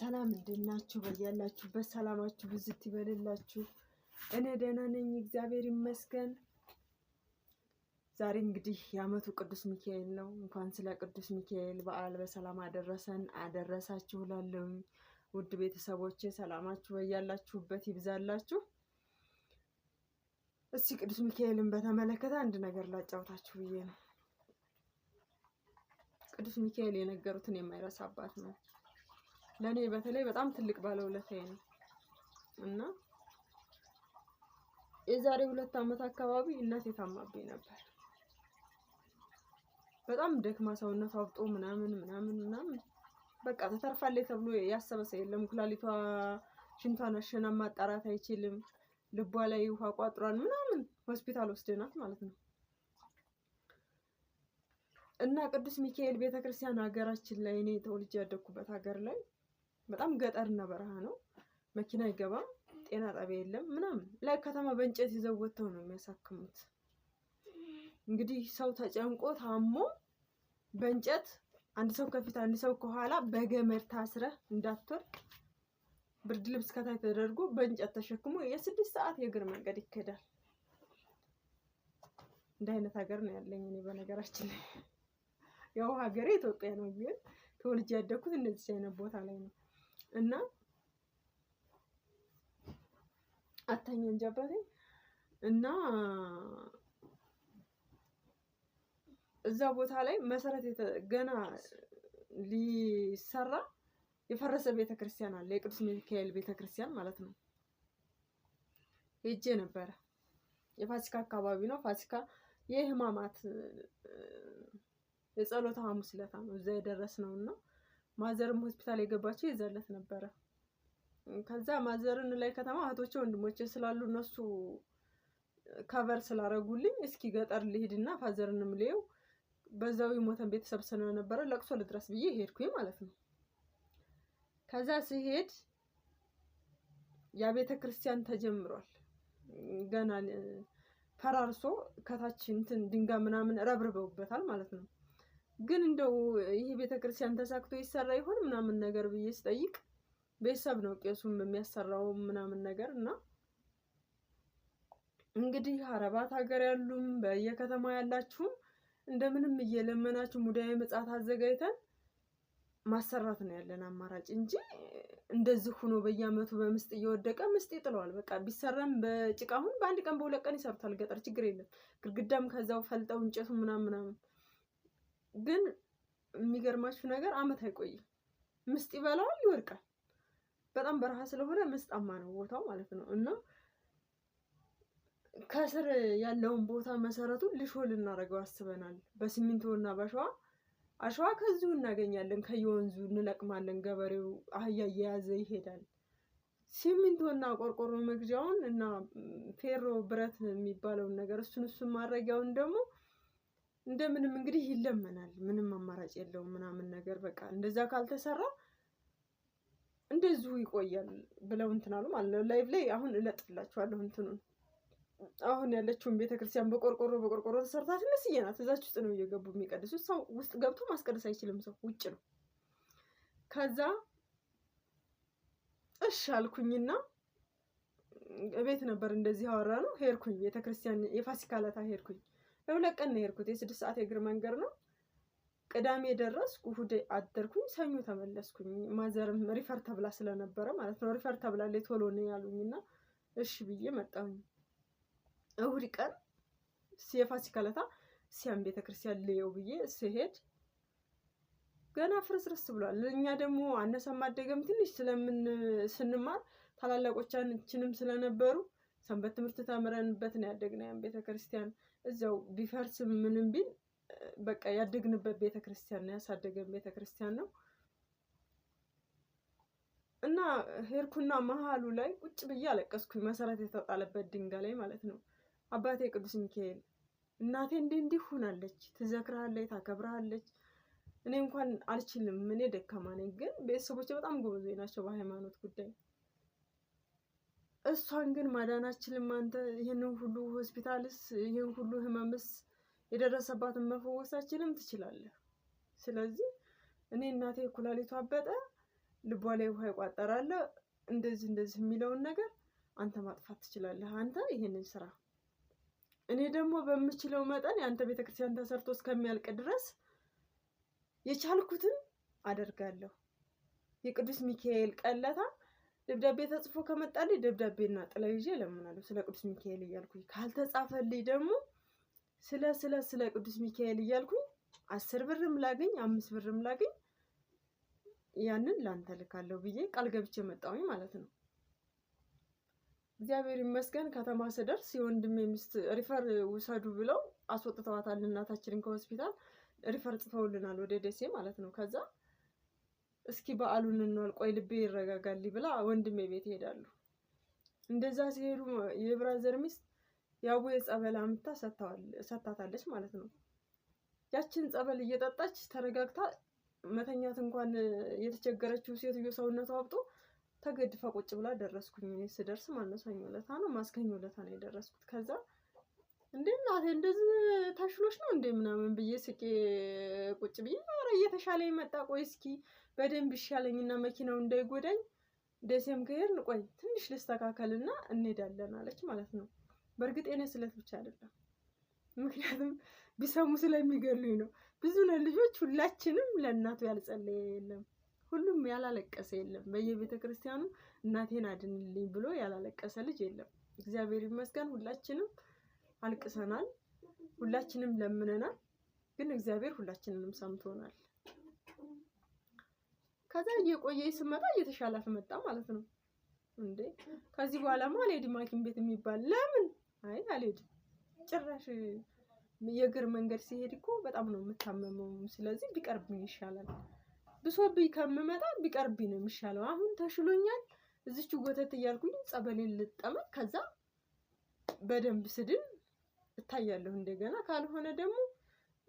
ሰላም እንድናችሁ በያላችሁበት ሰላማችሁ ብዝት ይበልላችሁ። እኔ ደህና ነኝ፣ እግዚአብሔር ይመስገን። ዛሬ እንግዲህ የዓመቱ ቅዱስ ሚካኤል ነው። እንኳን ስለ ቅዱስ ሚካኤል በዓል በሰላም አደረሰን አደረሳችሁ እላለሁኝ። ውድ ቤተሰቦቼ ሰላማችሁ በያላችሁበት ይብዛላችሁ። እስቲ ቅዱስ ሚካኤልን በተመለከተ አንድ ነገር ላጫውታችሁ ብዬ ነው። ቅዱስ ሚካኤል የነገሩትን የማይረሳ አባት ነው። ለእኔ በተለይ በጣም ትልቅ ባለውለታዬ ነው እና የዛሬ ሁለት ዓመት አካባቢ እናቴ ታማብኝ ነበር። በጣም ደክማ ሰውነቷ አብጦ ምናምን ምናምን ምናምን በቃ ተተርፋለች ተብሎ ያሰበ ሰው የለም። ኩላሊቷ ሽንቷን አሸና ማጣራት አይችልም። ልቧ ላይ ውሃ ቋጥሯል ምናምን ሆስፒታል ወስደናት ማለት ነው እና ቅዱስ ሚካኤል ቤተክርስቲያን ሀገራችን ላይ እኔ ተወልጄ ያደግኩበት ሀገር ላይ በጣም ገጠርና በረሃ ነው። መኪና አይገባም፣ ጤና ጣቢያ የለም ምናምን ላይ ከተማ በእንጨት ይዘው ወጥተው ነው የሚያሳክሙት። እንግዲህ ሰው ተጨንቆ ታሞ በእንጨት አንድ ሰው ከፊት አንድ ሰው ከኋላ በገመድ ታስረህ እንዳትወርቅ ብርድ ልብስ ከታይ ተደርጎ በእንጨት ተሸክሞ የስድስት ሰዓት የእግር መንገድ ይከዳል። እንደ አይነት ሀገር ነው ያለኝ እኔ በነገራችን ላይ ያው ሀገሬ ኢትዮጵያ ነው፣ ግን ተወልጄ ያደግኩት እንደዚህ አይነት ቦታ ላይ ነው። እና አታኛን ጃባቴ እና እዛ ቦታ ላይ መሰረት ገና ሊሰራ የፈረሰ ቤተክርስቲያን አለ። የቅዱስ ሚካኤል ቤተክርስቲያን ማለት ነው። ሄጄ ነበረ። የፋሲካ አካባቢ ነው። ፋሲካ የህማማት የጸሎት ሐሙስ ለታ ነው እዛ የደረስነውና ማዘርም ሆስፒታል የገባቸው የዛለት ነበረ። ከዛ ማዘርን ላይ ከተማ እህቶቼ ወንድሞቼ ስላሉ እነሱ ከቨር ስላረጉልኝ እስኪ ገጠር ልሄድና ፋዘርንም ልየው በዛው የሞተን ቤተሰብ ስለነበረ ለቅሶ ልድረስ ብዬ ሄድኩኝ ማለት ነው። ከዛ ሲሄድ ያ ቤተ ክርስቲያን ተጀምሯል። ገና ፈራርሶ ከታች እንትን ድንጋይ ምናምን ረብርበውበታል ማለት ነው። ግን እንደው ይሄ ቤተክርስቲያን ተሳክቶ ይሰራ ይሆን ምናምን ነገር ብዬ ስጠይቅ ቤተሰብ ነው ቄሱም የሚያሰራው ምናምን ነገር እና እንግዲህ አረባት ሀገር ያሉም በየከተማ ያላችሁም እንደምንም እየለመናችሁ ሙዳየ መጽት አዘጋጅተን ማሰራት ነው ያለን አማራጭ እንጂ እንደዚህ ሆኖ በየአመቱ በምስጥ እየወደቀ ምስጥ ይጥለዋል። በቃ ቢሰራም በጭቃ አሁን በአንድ ቀን በሁለት ቀን ይሰሩታል። ገጠር ችግር የለም። ግድግዳም ከዛው ፈልጠው እንጨቱ ምናምን ምናምን ግን የሚገርማችሁ ነገር አመት አይቆይም። ምስጥ ይበላዋል፣ ይወድቃል። በጣም በረሃ ስለሆነ ምስጣማ ነው ቦታው ማለት ነው። እና ከስር ያለውን ቦታ መሰረቱ ልሾ ልናደርገው አስበናል በሲሚንቶና በሸዋ አሸዋ ከዚሁ እናገኛለን። ከየወንዙ እንለቅማለን። ገበሬው አህያ እየያዘ ይሄዳል። ሲሚንቶ እና ቆርቆሮ መግዣውን እና ፌሮ ብረት የሚባለውን ነገር እሱን እሱን ማድረጊያውን ደግሞ እንደምንም እንግዲህ ይለመናል። ምንም አማራጭ የለውም ምናምን ነገር በቃ እንደዛ ካልተሰራ እንደዚሁ ይቆያል ብለው እንትን አሉ ማለት ነው። ላይቭ ላይ አሁን እለጥላችኋለሁ እንትኑን አሁን ያለችውን ቤተክርስቲያን በቆርቆሮ በቆርቆሮ ተሰርታ ትንሽዬ ናት። እዛች ውስጥ ነው እየገቡ የሚቀድሱት። ሰው ውስጥ ገብቶ ማስቀደስ አይችልም። ሰው ውጭ ነው። ከዛ እሺ አልኩኝና ቤት ነበር እንደዚህ አወራ ነው ሄድኩኝ። ቤተክርስቲያን የፋሲካ ዕለት ሄድኩኝ። ለሁለት ቀን ነው የሄድኩት። የስድስት ሰዓት የእግር መንገድ ነው። ቅዳሜ ደረስኩ፣ እሑድ አደርኩኝ፣ ሰኞ ተመለስኩኝ። ማዘርም ሪፈር ተብላ ስለነበረ ማለት ነው ሪፈር ተብላ ላይ ቶሎ ነው ያሉኝና እሺ ብዬ መጣሁኝ። እሑድ ቀን የፋሲካ ዕለት ሲያም ቤተክርስቲያን ልየው ብዬ ስሄድ ገና ፍርስርስ ብሏል። እኛ ደግሞ አነሳ አደገም ትንሽ ስለምን ስንማር ታላላቆቻችንም ስለነበሩ ሰንበት ትምህርት ተምረንበት ነው ያደግነው። ያን ቤተክርስቲያን እዚያው ቢፈርስ ምንም ቢል በቃ ያደግንበት ቤተክርስቲያን ነው ያሳደገን ቤተክርስቲያን ነው እና ሄድኩና መሀሉ ላይ ቁጭ ብዬ አለቀስኩኝ። መሰረት የተጣለበት ድንጋይ ላይ ማለት ነው። አባቴ ቅዱስ ሚካኤል እናቴ እንዲህ እንዲህ ሆናለች፣ ትዘክርሃለች፣ ታከብርሃለች። እኔ እንኳን አልችልም፣ እኔ ደካማ ነኝ። ግን ቤተሰቦቼ በጣም ጎበዜ ናቸው በሃይማኖት ጉዳይ እሷን ግን ማዳናችንም አንተ ይህንን ሁሉ ሆስፒታልስ ይህን ሁሉ ህመምስ የደረሰባትን መፈወሳችንም ትችላለህ። ስለዚህ እኔ እናቴ ኩላሊቷ አበጠ፣ ልቧ ላይ ውሃ ይቋጠራል፣ እንደዚህ እንደዚህ የሚለውን ነገር አንተ ማጥፋት ትችላለህ። አንተ ይህንን ስራ እኔ ደግሞ በምችለው መጠን የአንተ ቤተክርስቲያን ተሰርቶ እስከሚያልቅ ድረስ የቻልኩትን አደርጋለሁ። የቅዱስ ሚካኤል ቀለታ ደብዳቤ ተጽፎ ከመጣልኝ ደብዳቤና ጥላ ይዤ እለምናለሁ። ስለ ቅዱስ ሚካኤል እያልኩኝ ካልተጻፈልኝ ደግሞ ስለ ስለ ስለ ቅዱስ ሚካኤል እያልኩኝ አስር ብርም ላገኝ አምስት ብርም ላገኝ ያንን ላንተ ልካለሁ ብዬ ቃል ገብቼ መጣሁኝ ማለት ነው። እግዚአብሔር ይመስገን ከተማ ስደርስ የወንድሜ ሚስት ሪፈር ውሰዱ ብለው አስወጥተዋታል። እናታችንን ከሆስፒታል ሪፈር ጽፈውልናል ወደ ደሴ ማለት ነው። ከዛ እስኪ በዓሉን እንዋል ቆይ ልቤ ይረጋጋል ብላ ወንድሜ ቤት ይሄዳሉ። እንደዛ ሲሄዱ የብራዘር ሚስት የአቡዬ ጸበል አምታ ሰታታለች ማለት ነው። ያችን ጸበል እየጠጣች ተረጋግታ መተኛት እንኳን የተቸገረችው ሴትዮ ሰውነቷ አብጦ ተገድፋ ቁጭ ብላ ደረስኩኝ። ስደርስ ማነሳኝ ለታ ነው ማስከኝ ለታ ነው የደረስኩት። ከዛ እንዴ እናቴ እንደዚህ ታሽሎች ነው እንዴ ምናምን ብዬ ስቄ ቁጭ ብዬ ኧረ እየተሻለ መጣ። ቆይ እስኪ በደንብ ይሻለኝና መኪናው እንዳይጎዳኝ ደሴም ከሄድን ቆይ ትንሽ ልስተካከልና እንሄዳለን አለች ማለት ነው። በእርግጥ የኔ ስለት ብቻ አይደለም፣ ምክንያቱም ቢሰሙ ስለሚገሉኝ ነው። ብዙ ለልጆች ልጆች፣ ሁላችንም ለእናቱ ያልጸለየ የለም፣ ሁሉም ያላለቀሰ የለም። በየቤተ ክርስቲያኑ እናቴን አድንልኝ ብሎ ያላለቀሰ ልጅ የለም። እግዚአብሔር ይመስገን ሁላችንም አልቅሰናል፣ ሁላችንም ለምነናል። ግን እግዚአብሔር ሁላችንንም ሰምቶናል። ከዛ እየቆየ ስመጣ እየተሻላት መጣ ማለት ነው። እንዴ ከዚህ በኋላማ አልሄድም ሐኪም ቤት የሚባል ለምን? አይ አልሄድም ጭራሽ የእግር መንገድ ሲሄድ እኮ በጣም ነው የምታመመው። ስለዚህ ቢቀርብኝ ይሻላል፣ ብሶብኝ ከምመጣ ቢቀርብኝ ነው የሚሻለው። አሁን ተሽሎኛል፣ እዚች ጎተት እያልኩኝ ጸበሌን ልጠመቅ፣ ከዛ በደንብ ስድን እታያለሁ እንደገና። ካልሆነ ደግሞ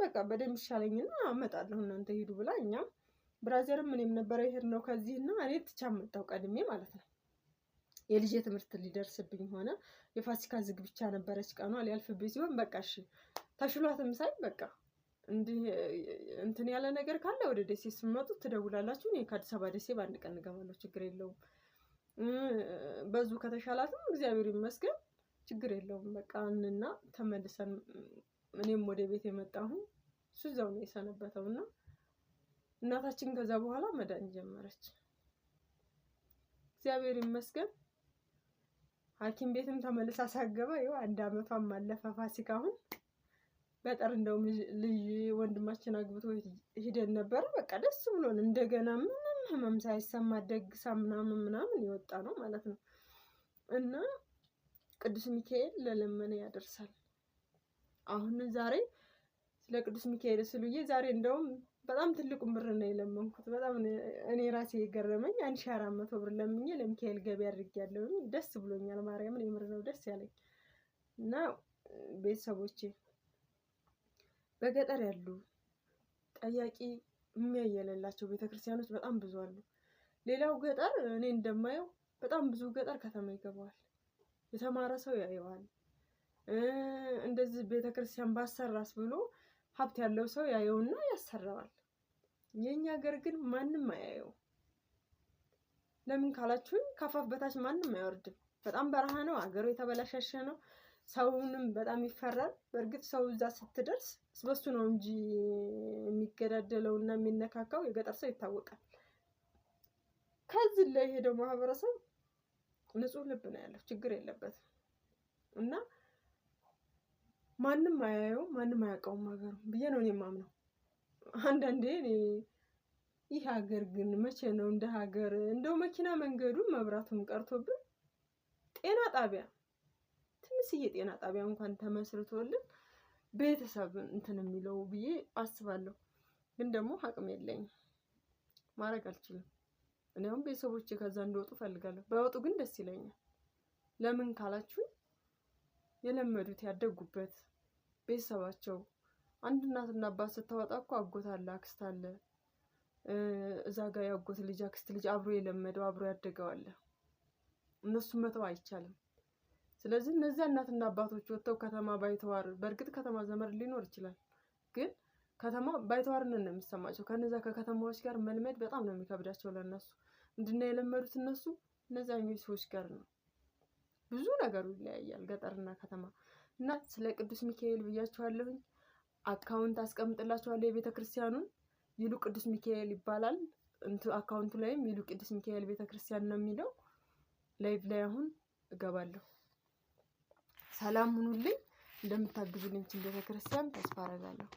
በቃ በደንብ ይሻለኝና አመጣለሁ እናንተ ሂዱ ብላ እኛም ብራዘርም እኔም ነበረ ይሄድ ነው ከዚህና እኔ ትቻ መጣው ቀድሜ ማለት ነው። የልጅ ትምህርት ሊደርስብኝ ሆነ። የፋሲካ ዝግ ብቻ ነበረች ቀኗ ሊያልፍብኝ ሲሆን በቃ እሺ ተሽሏትም ሳይ በቃ እንዲህ እንትን ያለ ነገር ካለ ወደ ደሴ ስመጡ ትደውላላችሁ። እኔ ከአዲስ አበባ ደሴ በአንድ ቀን እገባለሁ፣ ችግር የለውም። በዙ ከተሻላትም እግዚአብሔር ይመስገን ችግር የለውም በቃ እንና ተመልሰን እኔም ወደ ቤት የመጣሁ እሱ እዛው ነው የሰነበተው እና እናታችን ከዛ በኋላ መዳን ጀመረች። እግዚአብሔር ይመስገን። ሐኪም ቤትም ተመልሳ ሳገባ ይኸው አንድ አመቷም ማለፈ። ፋሲካ አሁን በጠር እንደውም ልጅ ወንድማችን አግብቶ ሂደን ነበረ። በቃ ደስ ብሎን እንደገና ምንም ህመም ሳይሰማ ደግሳ ምናምን ምናምን የወጣ ነው ማለት ነው እና ቅዱስ ሚካኤል ለለመነ ያደርሳል። አሁን ዛሬ ስለ ቅዱስ ሚካኤል ስሉዬ ዛሬ እንደውም በጣም ትልቁ ብር ነው የለመንኩት። በጣም እኔ ራሴ የገረመኝ አንድ ሺህ አራት መቶ ብር ለምኜ ለሚካኤል ገቢ አድርጌያለሁኝ። ደስ ብሎኛል። ማርያምን የምር ነው ደስ ያለኝ እና ቤተሰቦቼ በገጠር ያሉ ጠያቂ የሚያይ ቤተክርስቲያኖች በጣም ብዙ አሉ። ሌላው ገጠር እኔ እንደማየው በጣም ብዙ ገጠር ከተማ ይገባዋል። የተማረ ሰው ያየዋል። እንደዚህ ቤተክርስቲያን ባሰራስ ብሎ ሀብት ያለው ሰው ያየውና ያሰራዋል። የኛ ሀገር ግን ማንም አያየው። ለምን ካላችሁኝ ካፋፍ በታች ማንም አይወርድም። በጣም በረሃ ነው፣ አገሩ የተበላሸሸ ነው። ሰውንም በጣም ይፈራል። በእርግጥ ሰው እዛ ስትደርስ በሱ ነው እንጂ የሚገዳደለው እና የሚነካካው የገጠር ሰው ይታወቃል። ከዚህ ላይ የሄደው ማህበረሰብ ንጹህ ልብ ነው ያለው፣ ችግር የለበትም እና ማንም አያየው ማንም አያውቀውም ሀገሩ ብዬ ነው እኔ የማምነው። አንዳንዴ እኔ ይህ ሀገር ግን መቼ ነው እንደ ሀገር እንደው መኪና መንገዱ መብራቱም ቀርቶብን ጤና ጣቢያ ትንሽዬ ጤና ጣቢያ እንኳን ተመስርቶልን ቤተሰብ እንትን የሚለው ብዬ አስባለሁ። ግን ደግሞ አቅም የለኝም ማድረግ አልችልም። እኔ አሁን ቤተሰቦቼ ከዛ እንዲወጡ ፈልጋለሁ ባይወጡ ግን ደስ ይለኛል። ለምን ካላችሁ የለመዱት ያደጉበት ቤተሰባቸው አንድ እናትና አባት ስታወጣ እኮ አጎት አለ፣ አክስት አለ፣ እዛ ጋር የአጎት ልጅ አክስት ልጅ አብሮ የለመደው አብሮ ያደገው አለ። እነሱን መተው አይቻልም። ስለዚህ እነዚያ እናትና አባቶች ወጥተው ከተማ ባይተዋር፣ በእርግጥ ከተማ ዘመድ ሊኖር ይችላል ግን ከተማ ባይተዋርነት ነው የሚሰማቸው። ከነዛ ከከተማዎች ጋር መልመድ በጣም ነው የሚከብዳቸው ለነሱ። ምንድነው የለመዱት እነሱ እነዚያኞች ሰዎች ጋር ነው። ብዙ ነገሩ ይለያያል ገጠርና ከተማ እና ስለ ቅዱስ ሚካኤል ብያችኋለሁኝ። አካውንት አስቀምጥላችኋለሁ የቤተ ክርስቲያኑን ይሉ ቅዱስ ሚካኤል ይባላል። አካውንቱ ላይም ይሉ ቅዱስ ሚካኤል ቤተ ክርስቲያን ነው የሚለው። ላይቭ ላይ አሁን እገባለሁ። ሰላም ሁኑልኝ። እንደምታግዙልኝ ቤተ ክርስቲያን ተስፋ አረጋለሁ።